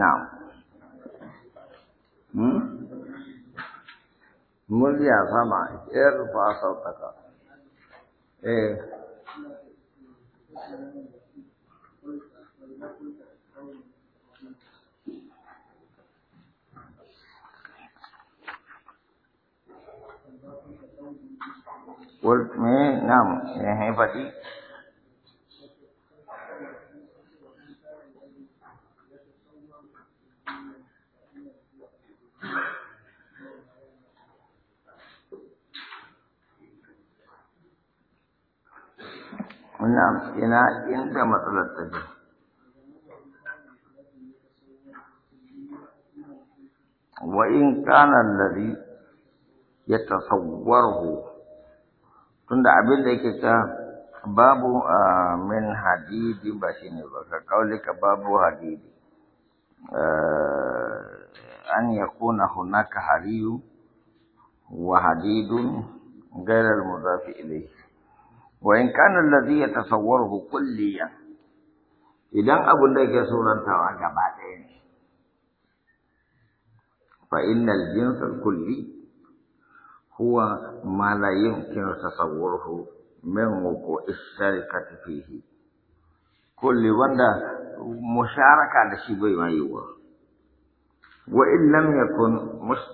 ना मूल्य 파마 1500 টাকা ওর মধ্যে নাম এ হেপতি muna ina inda matsalar ta ce wa in kana alladhi yatasawwaruhu tunda abin da yake ka, babu min hadidi ba shi ne ba ka kaulika babu hadidi an kuna hunaka hariyu wa hadidun mu zafi ilai. Wa ina kan ladi ya tasawar ku kulle idan abun da ke sunan gaba gabaɗaya ne? Ba ina jinsin kulle kuwa mala yankin tasawar ku min waƙo in sha Kulli wanda musharaka da shi bai ma yiwu ba. Wa ina namiyar kun musu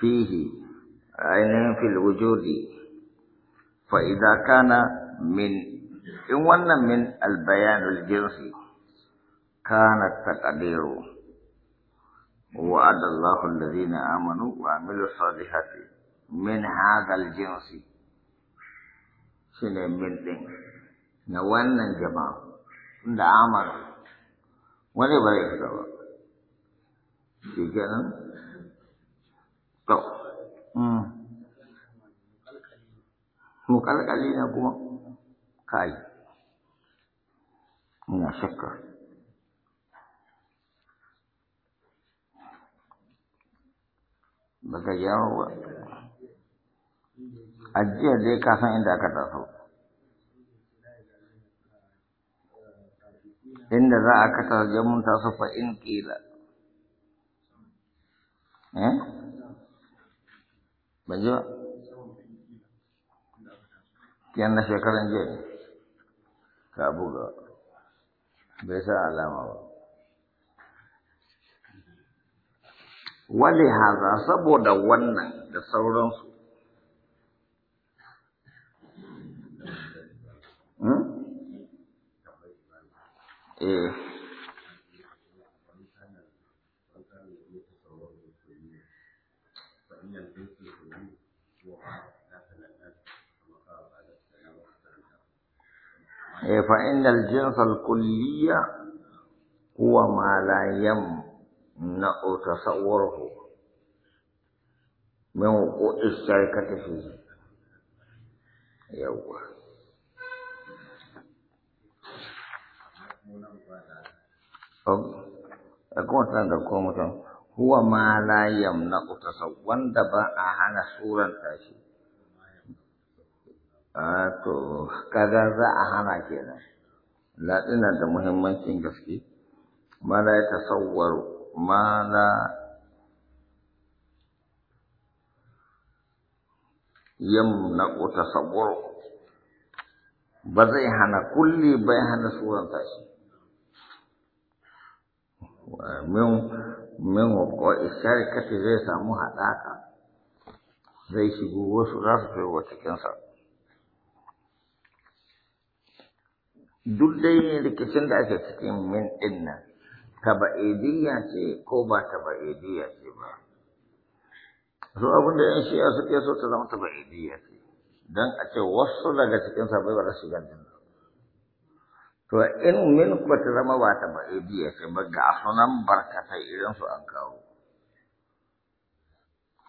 Fihi. A ina yin فإذا كان من إن ون من البيان الجنسي كان التقدير وعد الله الذين آمنوا وعملوا الصالحات من هذا الجنس شنو من دين نوانا جماعة عند آمنوا wani ba zai في جنة طب muƙalƙali ne kuma kai ina shakka baka yawo ba ajiyar dai ka san inda aka taso inda za a kata jamun taso fa in kila eh ba yan na shekaran jiya ne ka buga bai sa alama ba wale haza saboda wannan da sauransu hmm? eh Eh, fa inal jins kulliya huwa ma la yam na tasawwuruhu min wuqu'i sharikati fi yawwa a kuma tsan da huwa ma la yam na tasawwan ba a hana suran tashi to kaga za a hana kenan laɗina da muhimmancin gaske ma ya tasawwar ma la yamna'u tasawwur ba zai hana kulli bai hana suran tashi min min waƙo'i sharikati zai samu haɗaka zai shigo wasu za su fi wa cikinsa duk dai rikicin da ake cikin min ɗin nan taba'idiyya ce ko ba taba'idiyya ce ba so abin da yan shiya suke so ta zama taba'idiyya ce don a ce wasu daga cikin sabai ba su shigar to in min ku ta zama ba taba'idiyya ce ba ga sunan barkatai irin su an kawo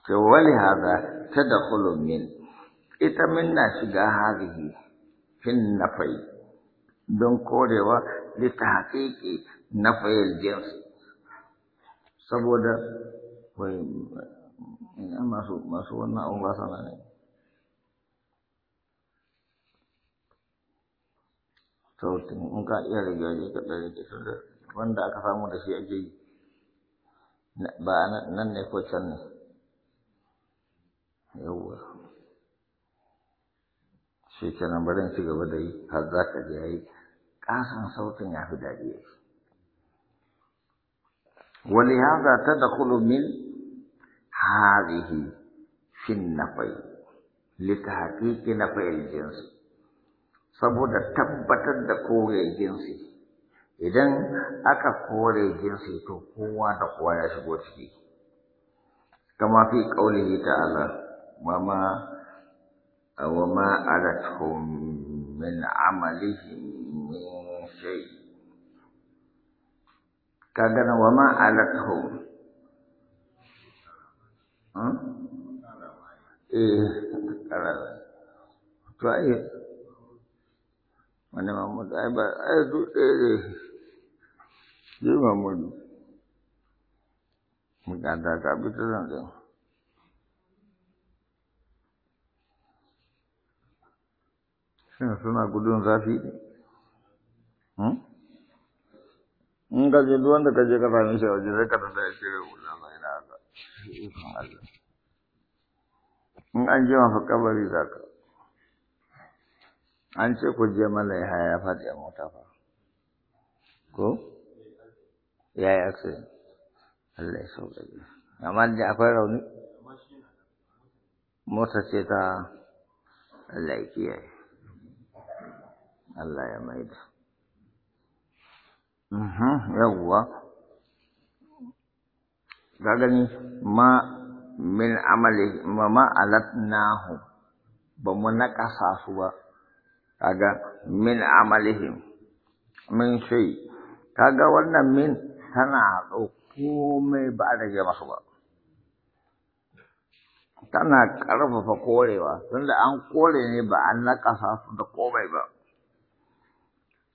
to wali haza tadkhulu min ita min na shiga hazihi fin nafai don korewa lita haƙiƙi na fayil james saboda masu wannan abu ba sana ne sautin in ka iya rage waje ka ɗari ke da wanda aka samu da shi ake yi ba nan ne ko can ne yawwa shi kenan bari ci gaba da yi har za ka je ya yi ƙasan sautin ya fi daɗi Harihi, fin na fai? lita hakiki na fai jinsu. saboda tabbatar da kore jinsi idan aka kore jinsi to kowa da kowa ya shigo ciki kama fi qaulihi ta'ala wa ma ma min amalihi kaga na wama alathu hmm? eh to ai wani mamudu ai ba ai ne mamudu ka bi zan zan suna gudun zafi ne hmm? in ka je duk wanda ka je ka same shi a waje sai ka tada ya cire hula mai na haka ikon Allah in an je mafi kabari za ka an ce ku je mana ya haya faɗi a mota fa ko ya yi aksa Allah ya sauƙaƙe amma da akwai rauni mota ce ta Allah ya kiyaye Allah ya maida yawwa ga gani ma min amali ma ma alatnahu ba mu naƙasa su ba kaga min amalihim min shay kaga wannan min tana ɗauko mai ba a rage masu ba tana ƙarfafa korewa tunda an kore ne ba an naƙasa su da komai ba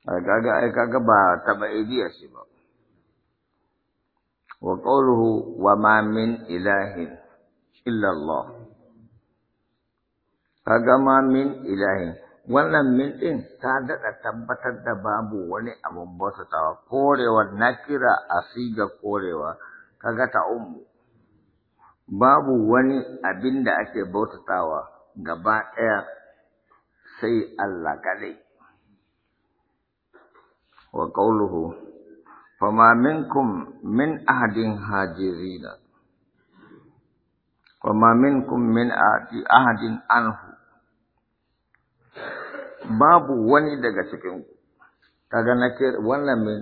Ah, kaga ai kaga ba idiya shi ba wa qawluhu wa ma min ilahin illa Allah kaga ma min ilahin wannan min din ta daɗa tabbatar da babu wani abun bautatawa korewa nakira a siga korewa kaga ta ummu babu wani abin da ake bautatawa gaba ɗaya sai Allah kadai Wa وقوله فما منكم من أحد هاجرين minkum min من ahadin anhu, babu wani daga cikin kaga na ce wannan min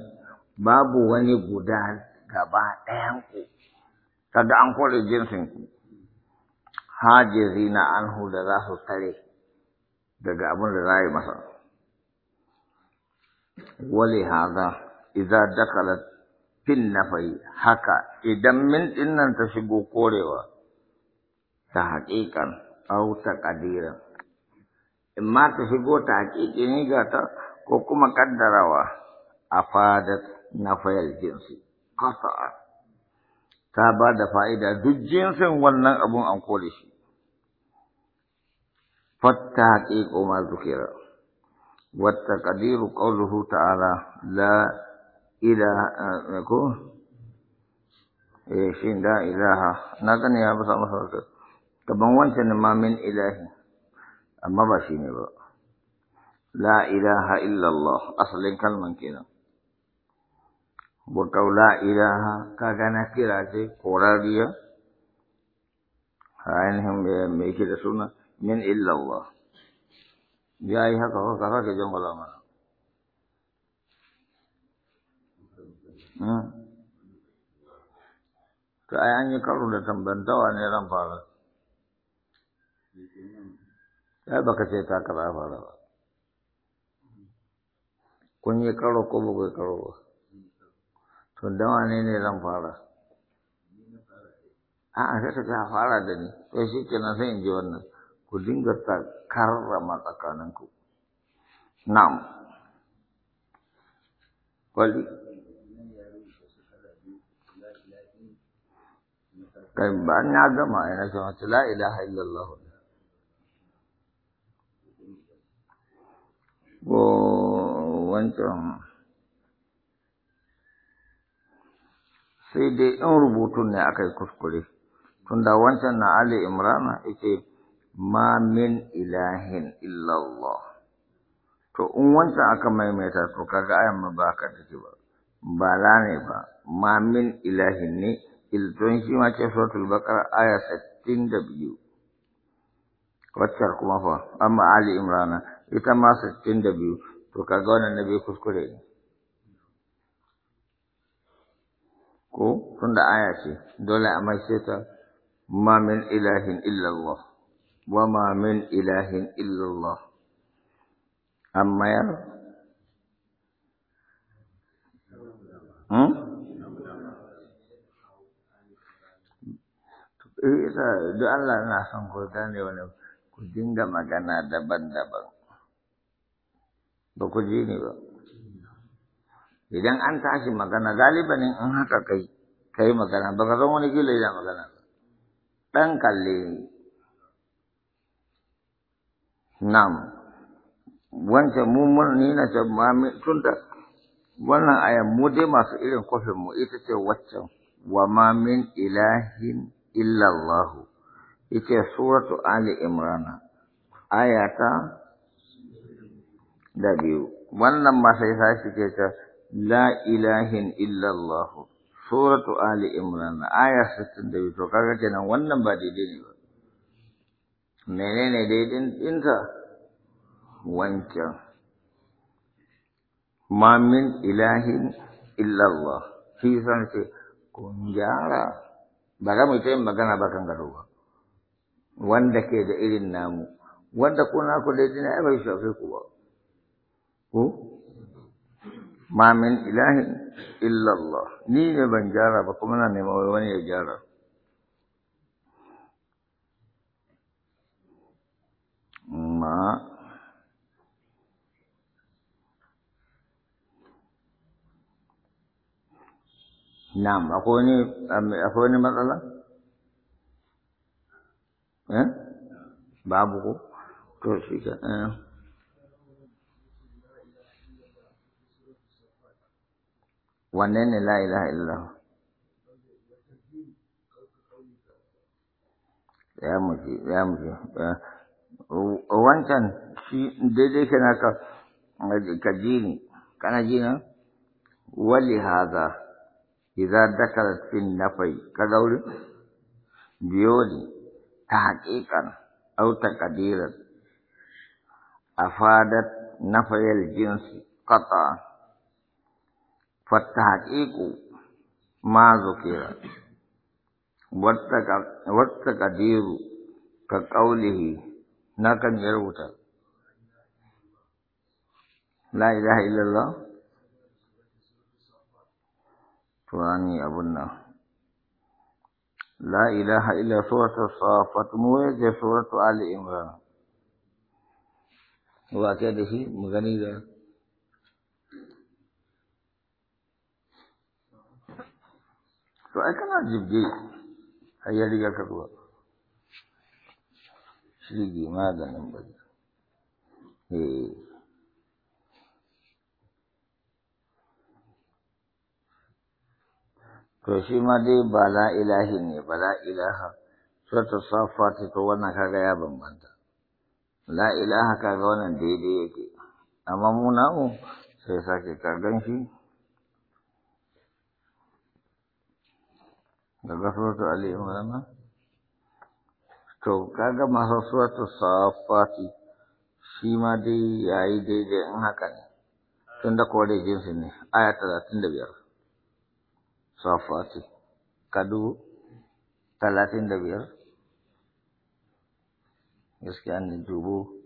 babu wani guda gaba ɗayan ku kaga an kore jinsin ku hajirina anhu da za su tare daga abin da za yi masa Wali haza, izi dakala cin na haka idan minɗin nan ta shigo korewa, ta haƙiƙan hau ta ƙadiran, in ma ta shigo ta haƙiƙi ni ga ta, ko kuma ƙaddarawa, a faɗar na jinsi ƙasa'a ta ba da fa'ida duk jinsin wannan abun a koli shi, fatta ta haƙi ko والتقدير قوله تعالى لا إله آه، آه، إيش لا إله نغني يا بس الله كبن وانشن ما من إله أما باشيني بقى لا إله إلا الله أصل كلمة كنا وقول لا إله كأنا كراتي قرارية هاي mai ميكي رسولنا من إلا الله ya yi haka haka ka jan jangwala mana hmm. ta ai an yi karo da tambantawa ne ran fara ya baka ce ta kaza fara ba kun yi karo ko ba ku karo ba to dawa ne ne ran fara a'a sai ta fara da ni to shi kenan sai in ji wannan ku dinga karrama tsakaninku na'am wali kai ba na gama ina ce mata la ilaha illallah ko wancan sai dai in rubutun ne aka kuskure tunda wancan na ali imrana yake ma min ilahin illallah to in wancan aka maimaita to kaga ayan ma ba ka take ba ba la ne ba ma min ilahin ne ilton shi ma ce suratul baqara aya 62 Wacce kuma fa amma ali imrana ita ma 62 to kaga wannan nabi kuskure ne ko tunda aya ce dole a mai ta ma min ilahin illallah وما من إله إلا الله أما يرى duk Allah na son ku gane wani ku dinga magana daban-daban. Ba ku ji ni ba. Idan an tashi magana galiban in haka kai, kai magana, ba ka san wani kila yana magana Ɗan kalle ni. nam wancan mu ni na ce mami tun da wannan aya mu dai masu irin kofin mu ita ce waccan wa ma min ilahin Allah. ita suratu ali Aya ayata da biyu wannan ma sai sai ke ta la ilahin Allah. suratu ali Imran aya 62 to kaga kenan wannan ba daidai ne ba menene daidin ɗinta wancan ma min ilahin illallah shi san ce kun gyara ba za mu yi magana ba kan gado ba wanda ke da irin namu wanda kuna ku daidai na bai shafe ku ba ko ma min ilahin illallah ni ne ban gyara ba kuma na neman wani ya gyara sama Na'am, akwai wani matsala? Eh? Babu ko? Terus juga. ka eh. Wanne ne la ilaha illallah? Ya mesti, ya mesti. muji. wancan shi daidai kana ka ka ji ni kana ji na wali haza idza dakarat fi nafai ka gauri biyo ne ta haƙiƙan au taqdiran afadat nafayal jinsi qata fa tahqiqu ma zukira wa taqdiru ka qawlihi నాకని జరుగుతారు లా ఇలా ఇళ్ళల్లో పురాణి అబున్న لا إله إلا سورة الصافات مويد سورة آل إمران وأكده مغني ذا فأكنا جبجي هيا لك كتوى shige maganin bari eh. to shi ma dai ba la ilahi ne ba la ilaha safa ta to wannan kaga ya bambanta la ilaha kaga wannan daidai yake amma mu namu sai sake kagan shi daga suratul wa rahmatullahi To, kaga masu suwatu safati shi ma dai ya yi daidai in haka ne, tun da kowa jinsi ne, aya talatin da biyar. Safati, kadu talatin da biyar, gaskiya ne dubu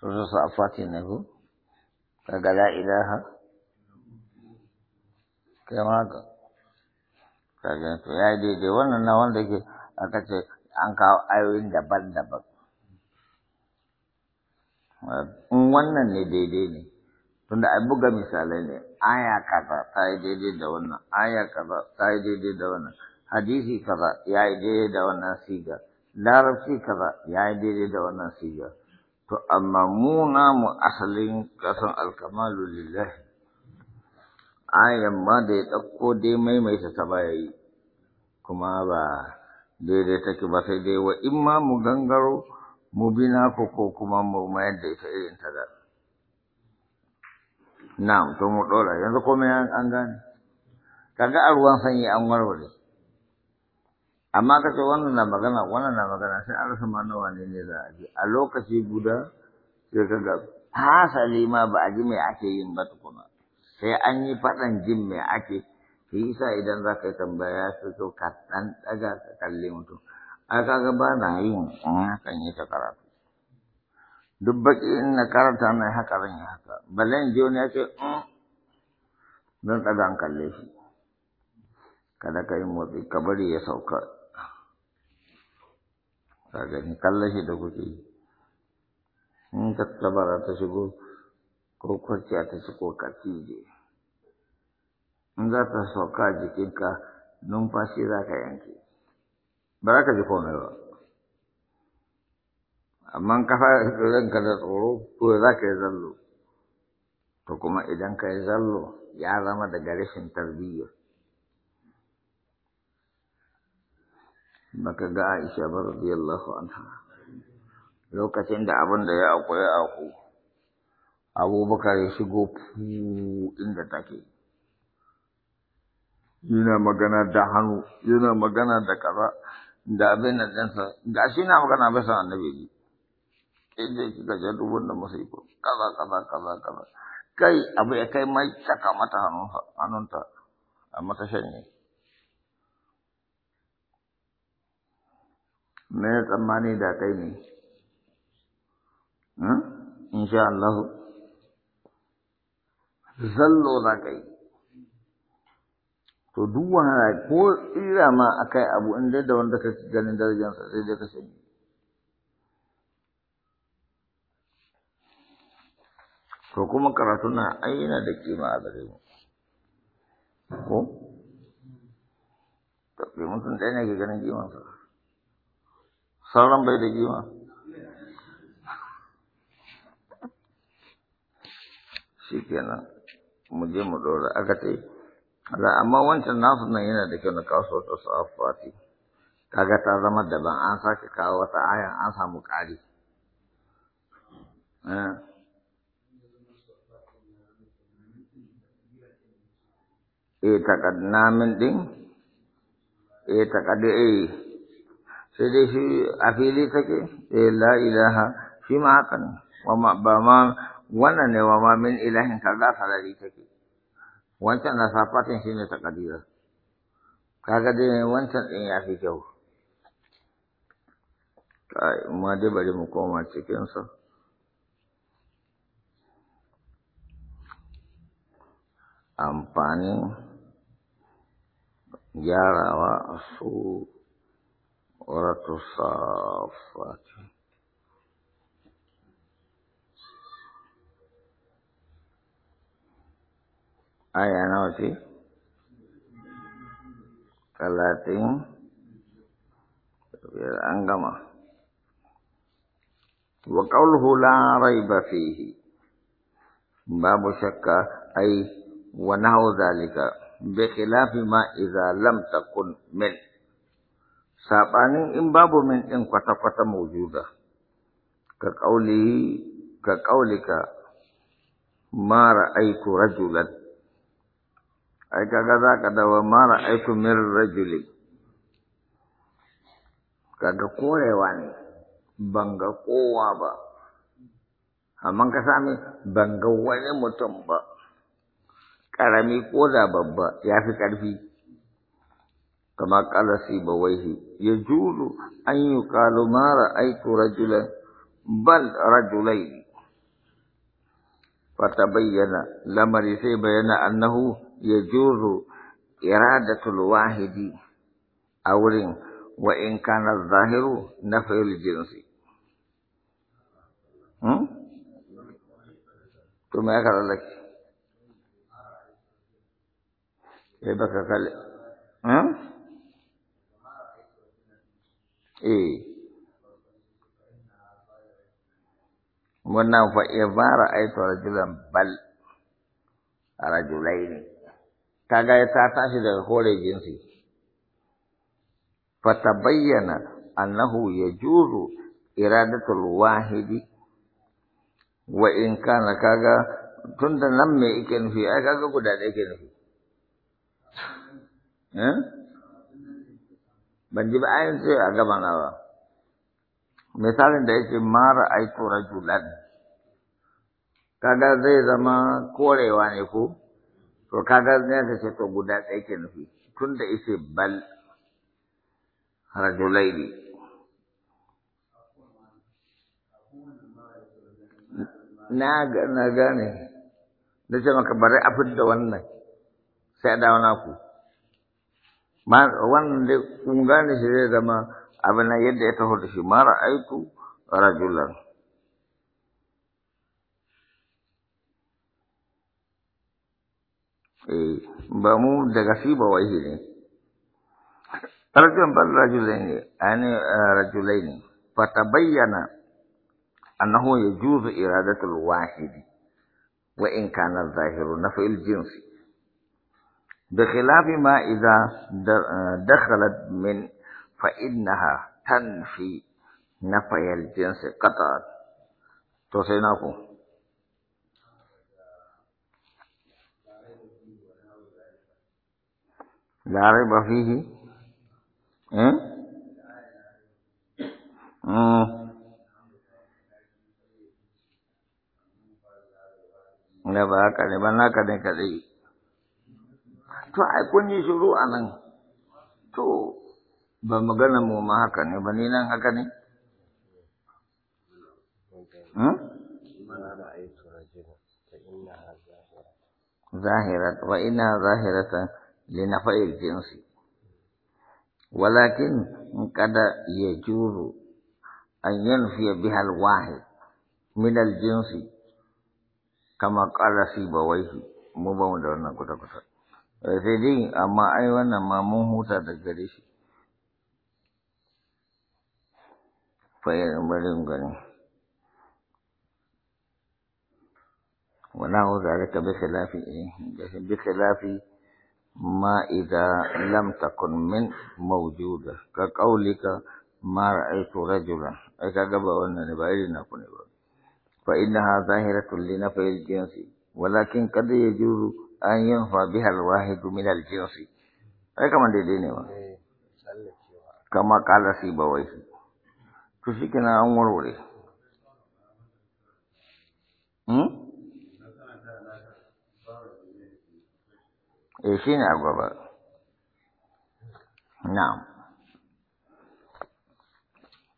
Sosa su afati ne ku? Daga la ilaha? Kai ma ka. Kaga to ya daidai wannan na wanda ke aka ce an kawo ayoyin daban-daban. In wannan ne daidai ne, tunda a buga misalai ne, aya kaza ta yi daidai da wannan, aya kaza ta yi daidai da wannan, hadisi kaza ya yi daidai da wannan siga. larabci kaza ya yi daidai da wannan sigar to amma mu namu asalin kasan alkamalu lillahi ayan ma da ya ɗauko dai maimaita ta ba yi kuma ba daidai take ba sai dai wa in ma mu gangaro mu bi naku ko kuma mu mayar da ita irin ta da na'am to mu ɗora yanzu komai an gane kaga a ruwan sanyi an warware amma kace wannan na magana wannan na magana sai an rasa mana wani ne za a ji a lokaci guda sai ka ga hasali ma ba a ji mai ake yin ba tukuna sai an yi faɗan jin mai ake ki isa idan za ka yi tambaya sai so ka ɗan ɗaga ka kalli mutum a ga ba na yin hakan yi ta karatu duk baki in na karanta na haka zan yi haka balle in ji wani ya ce mm. zan ɗaga an kalle shi kada ka yi motsi ka bari ya sauka ka gani kallon shi da kuke yi in ka tabara ta shigo ko kwarciya ta shigo ka cije in za ta sauka jikinka numfashi za ka yanke ba za ka ji komai ba amma ka fara ranka da tsoro to za ka yi zallo to kuma idan ka yi zallo ya zama daga rashin tarbiyya baka ga Aisha ba radiyallahu anha lokacin da abin da ya akwai aku abubakar ya shigo inda take yana magana da hannu yana magana da kaza da abin da ɗansa ga shi na magana bai san annabi ji inda kika ga duk wanda masai ko kaza kaza kaza kaza kai abu ya kai mai saka mata hannunta a mata shanye mai tsammani da kai ne hmm? insha Allah zallo za kai to duk wahala ko tsira ma akai abu inda da wanda ka ganin darajarsa sai dai ka sani to kuma karatu na aina da kima a gare mu ko to mutum ɗaya ne ke ganin kimansa sauran bai da kima shi kenan mu je mu ɗora aka ce ala amma wancan nasu nan yana da kyau na kawo ta Ka ga ta zama daban an sake kawo wata ayan an samu ƙari eh takadnamin din eh takadi eh sai dai shi a fili take eh la ilaha shi ma haka ne ba ma wannan ne wa ma min ilahin kaza sarari take wancan na safatin shi ne Ka kaga dai wancan din ya fi kyau kai ma dai bari mu koma cikin sa amfanin gyarawa su ورة الصافات آية نوتي ثلاثين الأنقمة وقوله لا ريب فيه باب شك أي ونحو ذلك بخلاف ما إذا لم تكن ملك saɓanin in babu min ɗin kwata-kwata maujuda ka ƙauli ka ka mara aiku rajulan ai kaga za ka dawa mara aiku min rajulin kaga korewa ne ban ga kowa ba amma ka sami ban ga wani mutum ba ƙarami ko da babba ya fi ƙarfi كما قال سيبويه يجوز أن يقال ما رأيت رجلا بل رجلين فتبين لما بين أنه يجوز إرادة الواحد أول وإن كان الظاهر نفي الجنس ثم أخر لك يبقى قال ها eh wannan fa ibara aitu rajulan bal rajulaini kaga ta tashi daga kore jinsi Fa fatabayyana annahu yajuzu iradatul wahidi wa in kana kaga tunda nan me yake nufi ai kaga guda da yake nufi eh? ban ji ba ayin sai a gama na ba misalin da yake mara aiko rajulan kaga zai zama korewa ne ko to kaga zai ka ce to guda ɗaya ke nufi tun da ishe bal rajulai ne na gane na ce maka bari a fidda wannan sai a dawo na ku. مار وان دي كونغان سيدي دما ابنا يد اتهوت في مار ايتو رجلا اي بامو دغسي بوايه ني ترجم بل رجلين يعني رجلين فتبين انه يجوز اراده الواحد وان كان الظاهر نفي الجنس بخلاف ما إذا دخلت من فإنها تنفي نفي الجنس قطعا توسيناكو لا ريب فيه إيه؟ إيه. لا بقى كده بنا كده كده to ai kun yi shiru a nan to ba magana mu ma haka ne ba ni nan haka ne hmm? zahirat wa ina zahirata li fa'il jinsi walakin kada ya juru an yanfiya bihal wahid min al jinsi kama kala qala sibawaihi mu ba mu da wannan kuta sai dai amma ai wannan ma mun huta da gare shi fayar gani wala hu zalika bi khilafi bi khilafi ma idza lam takun min mawjuda ka qaulika ma ra'aytu rajula ai kaga ba wannan ne ba irin na ku ne ba fa innaha zahiratun li nafyi jinsi walakin kad yajuru an yin fa biha alwahidu min aljinsi ai kamar daidai ne ba eh, kama kala sai ba wai to shi kina an warware hmm eh shi ne agwaba na'am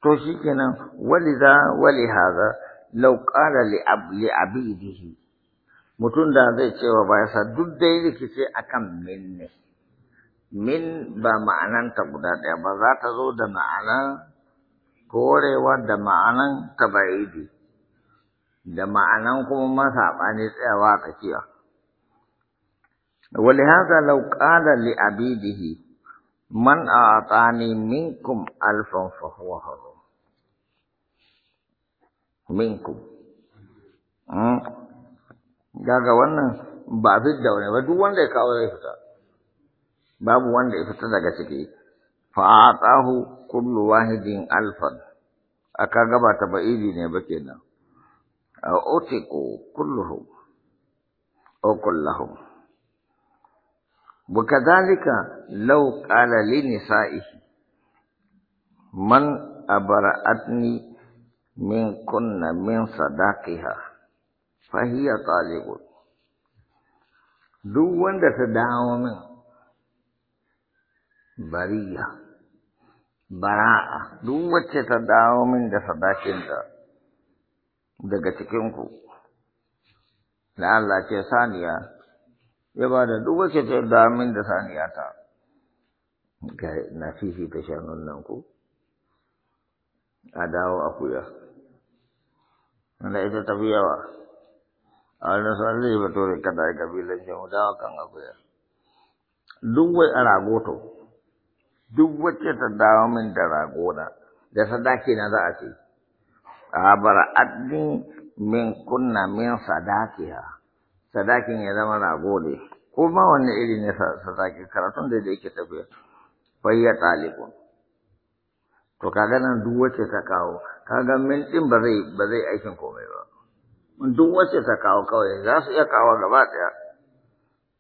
to shi kenan wali za wali haza lau ƙara li abidihi mutum da zai cewa bayansa duk dai rikice akan min ne min ba ma'ananta guda ɗaya ba za ta zo da ma'anan korewa da ma'anan tabaidi da ma'anan kuma abani tsayawa a tsakiya ولهذا لو قال man a tsani minkum alfan fahuwa حرم Minkum. Hmm? daga wannan ba da wani ba duk wanda ya kawo zai fita babu wanda ya fita daga ciki Fa a tsahu kullu wahidin alfan aka gabata ba iri ne ba kenan a utiku kulluhu o kullahum وكذلك man a لنسائه من أبرأتني min kunna min صداقها fahiya talibun duk wanda ta dawo min bariya bara'a duk wacce ta dawo min da sadakinta daga cikinku da Allah ce saniya ya ba da duk wacce ta dawo min da saniya ta ga na fifita shanun nan ku a dawo akuya wanda ita tafi yawa a na da zai bature kada ya kabilan yahudawa kan akuya duk wai a ragoto duk wacce ta dawo min da na da sadaki na za a ce a bara addin min kunna min ha. sadakin ya zama rago ne ko ma wanne iri ne sadaki karatun da yake tafiya fayya ɗalibun to kaga nan duk wacce ta kawo kaga min ɗin ba zai ba zai aikin komai duk wacce ta kawo kawai za su iya kawo gaba ɗaya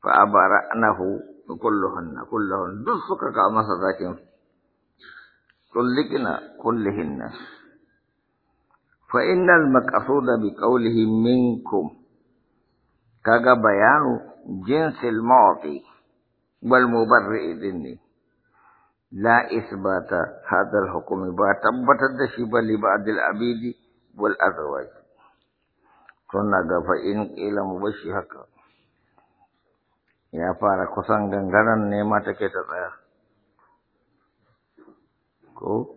fa abara anahu kulluhunna kulluhun duk suka kawo masa zakin kullikina kullihinna fa innal maqsuda bi qawlihi minkum kaga bayanu jinsil mu'ti wal mubarri dinni la isbata hadha al hukm ba tabbatar da shi ba li ba'd al abidi wal azwaj tuna ga fa'in ƙila mu bashi haka ya fara kusan gangaren nema take ta tsaya ko